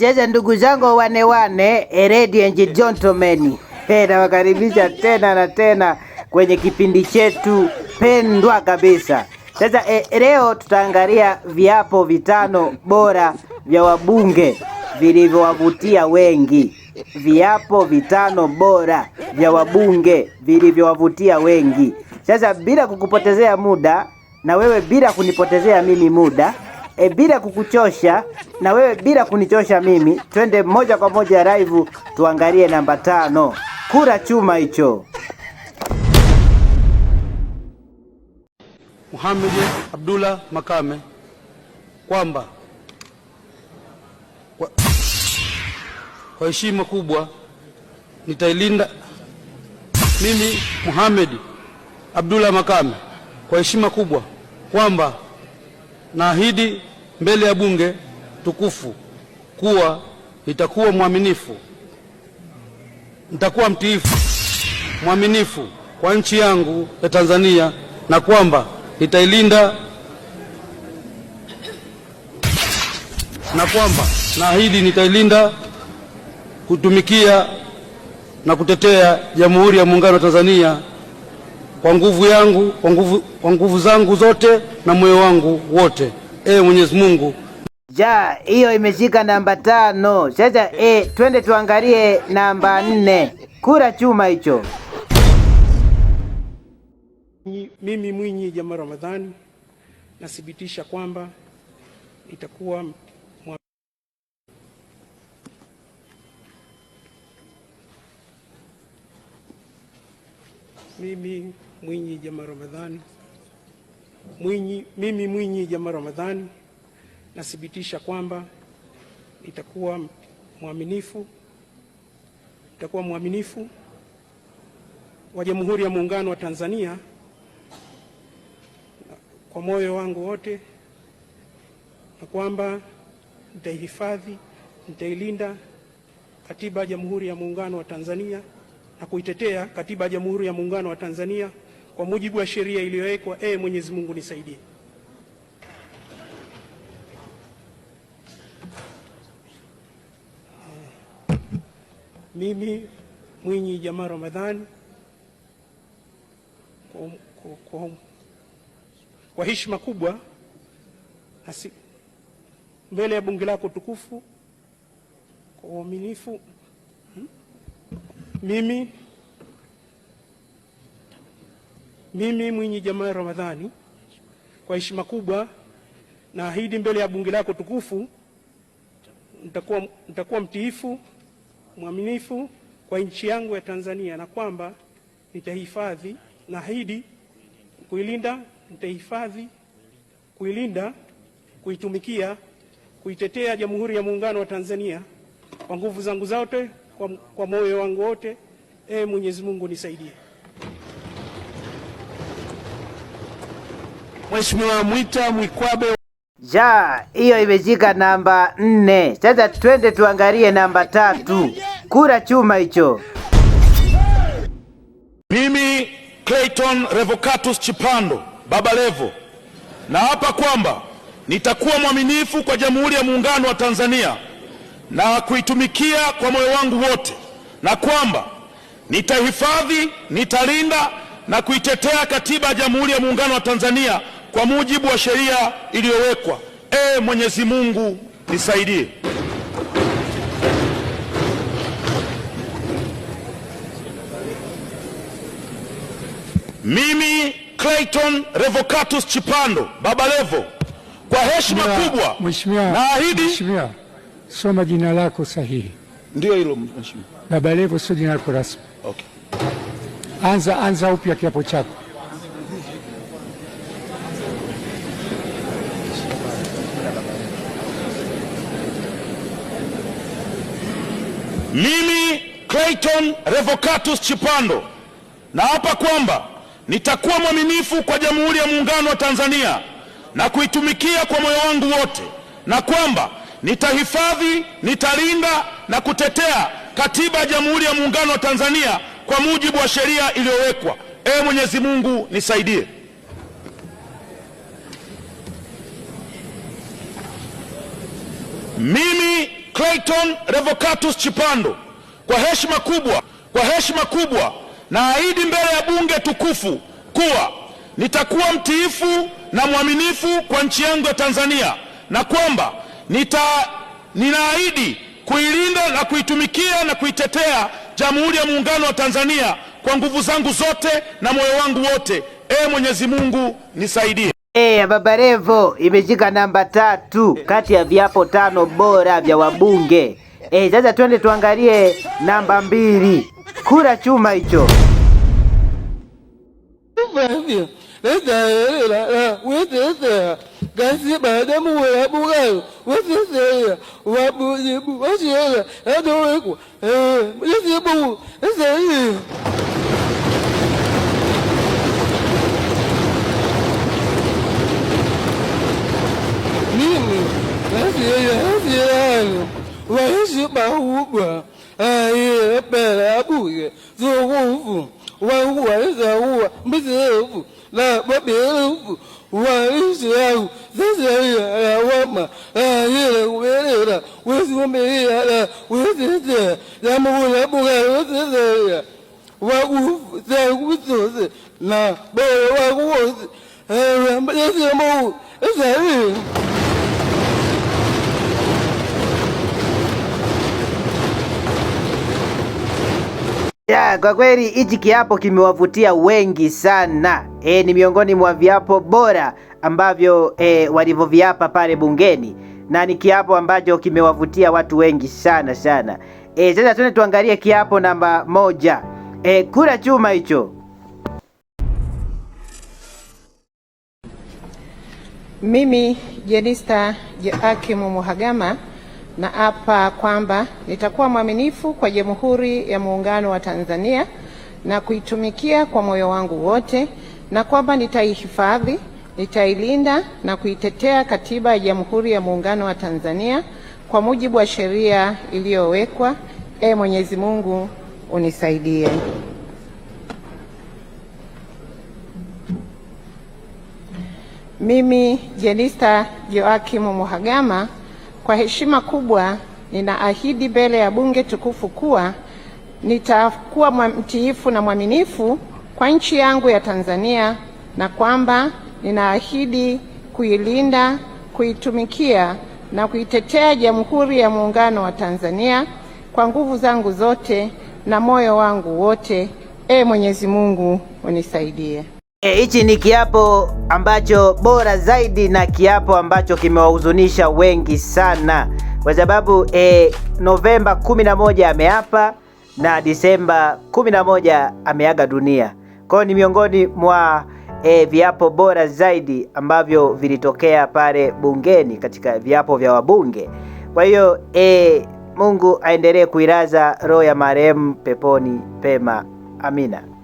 Cheza ndugu zangu wane wane, ladies eh, and gentlemen, eh, nawakaribisha tena na tena kwenye kipindi chetu pendwa kabisa. Sasa e, leo tutaangalia viapo vitano bora vya wabunge vilivyowavutia wengi. Viapo vitano bora vya wabunge vilivyowavutia wengi. Sasa bila kukupotezea muda na wewe bila kunipotezea mimi muda e, bila kukuchosha na wewe bila kunichosha mimi, twende moja kwa moja live tuangalie namba tano. Kura chuma hicho. Muhammad Abdullah Makame kwamba kwa heshima kubwa nitailinda mimi Muhammad Abdullah Makame kwa heshima kubwa kwamba Naahidi mbele ya bunge tukufu kuwa nitakuwa mwaminifu, nitakuwa mtiifu, mwaminifu kwa nchi yangu ya Tanzania na kwamba nitailinda na kwamba naahidi nitailinda, kutumikia na kutetea Jamhuri ya Muungano wa Tanzania kwa nguvu yangu kwa nguvu, kwa nguvu zangu zote na moyo wangu wote, ee Mwenyezi Mungu. Ja, hiyo imeshika namba tano. Sasa e, twende tuangalie namba nne, kura chuma hicho. Mimi Mwinyi Jamaa Ramadhani nathibitisha kwamba itakuwa Mimi Mwinyi jama Ramadhani Mwinyi, mimi Mwinyi Jama Ramadhani nathibitisha kwamba nitakuwa mwaminifu nitakuwa mwaminifu wa Jamhuri ya Muungano wa Tanzania kwa moyo wangu wote, na kwamba nitaihifadhi, nitailinda Katiba ya Jamhuri ya Muungano wa Tanzania na kuitetea Katiba ya Jamhuri ya Muungano wa Tanzania kwa mujibu wa sheria iliyowekwa. Ee Mwenyezi Mungu nisaidie. Mimi Mwinyi Jamaa Ramadhani um, kwa, kwa, kwa, um, kwa heshima kubwa mbele ya bunge lako tukufu kwa uaminifu mimi, mimi Mwinyi jamaa Ramadhani, kwa heshima kubwa naahidi mbele ya bunge lako tukufu nitakuwa, nitakuwa mtiifu mwaminifu kwa nchi yangu ya Tanzania na kwamba nitahifadhi, naahidi kuilinda, nitahifadhi, kuilinda, kuitumikia, kuitetea Jamhuri ya Muungano wa Tanzania kwa nguvu zangu zote kwa, kwa moyo wangu wote. E Mwenyezi Mungu nisaidie. Mheshimiwa Mwita Mwikwabe. Ja, hiyo imeshika namba nne. Sasa twende tuangalie namba tatu. Kura chuma hicho. Mimi Clayton Revocatus Chipando Baba Levo na hapa kwamba nitakuwa mwaminifu kwa Jamhuri ya Muungano wa Tanzania na kuitumikia kwa moyo wangu wote, na kwamba nitahifadhi, nitalinda na kuitetea Katiba ya Jamhuri ya Muungano wa Tanzania kwa mujibu wa sheria iliyowekwa. e Mwenyezi Mungu nisaidie. Mimi Clayton Revocatus Chipando Baba Levo, kwa heshima kubwa naahidi Soma jina lako sahihi. Ndio hilo mheshimiwa. Baba Levo sio jina lako rasmi. Okay. Anza, anza upya kiapo chako. Mimi Clayton Revocatus Chipando naapa kwamba nitakuwa mwaminifu kwa Jamhuri ya Muungano wa Tanzania na kuitumikia kwa moyo wangu wote na kwamba nitahifadhi, nitalinda na kutetea katiba ya Jamhuri ya Muungano wa Tanzania kwa mujibu wa sheria iliyowekwa. Ee Mwenyezi Mungu nisaidie. Mimi Clayton Revocatus Chipando kwa heshima kubwa, kwa heshima kubwa naahidi mbele ya bunge tukufu kuwa nitakuwa mtiifu na mwaminifu kwa nchi yangu ya Tanzania na kwamba nita ninaahidi kuilinda na kuitumikia na kuitetea Jamhuri ya Muungano wa Tanzania kwa nguvu zangu zote na moyo wangu wote. Ee Mwenyezi Mungu nisaidie. Hey, Baba Levo imeshika namba tatu kati ya viapo tano bora vya wabunge. Hey, sasa twende tuangalie namba mbili, kura chuma hicho 感本的牧人不爱我，我是谁呀？我不是不我写了，儿童为苦，嗯，我是不谁呀？Mimi, ẹsẹ̀ wọ́n yóò ṣe máa wú pọ̀ ẹ̀yìn ẹ̀pẹ̀rẹ̀ àbúrò tí owó ń fò wọ́n ń wọ̀ ẹ̀sẹ̀ wọ̀ bí ṣe é fò lọ́pọ̀ bí ó ń fò wọ́n ń ṣe ẹ̀rù. Eh, wama kubelela wesiombelia wesise yamuvulabukaoseseya wakusakusose na bele wakuwosi esamau esavii Ya, kwa kweli hichi kiapo kimewavutia wengi sana. E, ni miongoni mwa viapo bora ambavyo e, walivyoviapa pale bungeni na ni kiapo ambacho kimewavutia watu wengi sana sana. E, sasa tuende tuangalie kiapo namba moja. E, kula chuma hicho. Mimi Jenista Joakim Mhagama na hapa kwamba nitakuwa mwaminifu kwa Jamhuri ya Muungano wa Tanzania na kuitumikia kwa moyo wangu wote, na kwamba nitaihifadhi, nitailinda na kuitetea Katiba ya Jamhuri ya Muungano wa Tanzania kwa mujibu wa sheria iliyowekwa. Ee Mwenyezi Mungu unisaidie. Mimi Jenista Joakim Mhagama kwa heshima kubwa ninaahidi mbele ya bunge tukufu kuwa nitakuwa mtiifu na mwaminifu kwa nchi yangu ya Tanzania na kwamba ninaahidi kuilinda, kuitumikia na kuitetea Jamhuri ya Muungano wa Tanzania kwa nguvu zangu zote na moyo wangu wote. Ee Mwenyezi Mungu unisaidie. Eh, hichi ni kiapo ambacho bora zaidi na kiapo ambacho kimewahuzunisha wengi sana kwa sababu e, Novemba 11 ameapa na Disemba 11 ameaga dunia. Kwa ni miongoni mwa e, viapo bora zaidi ambavyo vilitokea pale bungeni katika viapo vya wabunge. Kwa hiyo e, Mungu aendelee kuilaza roho ya marehemu peponi pema. Amina.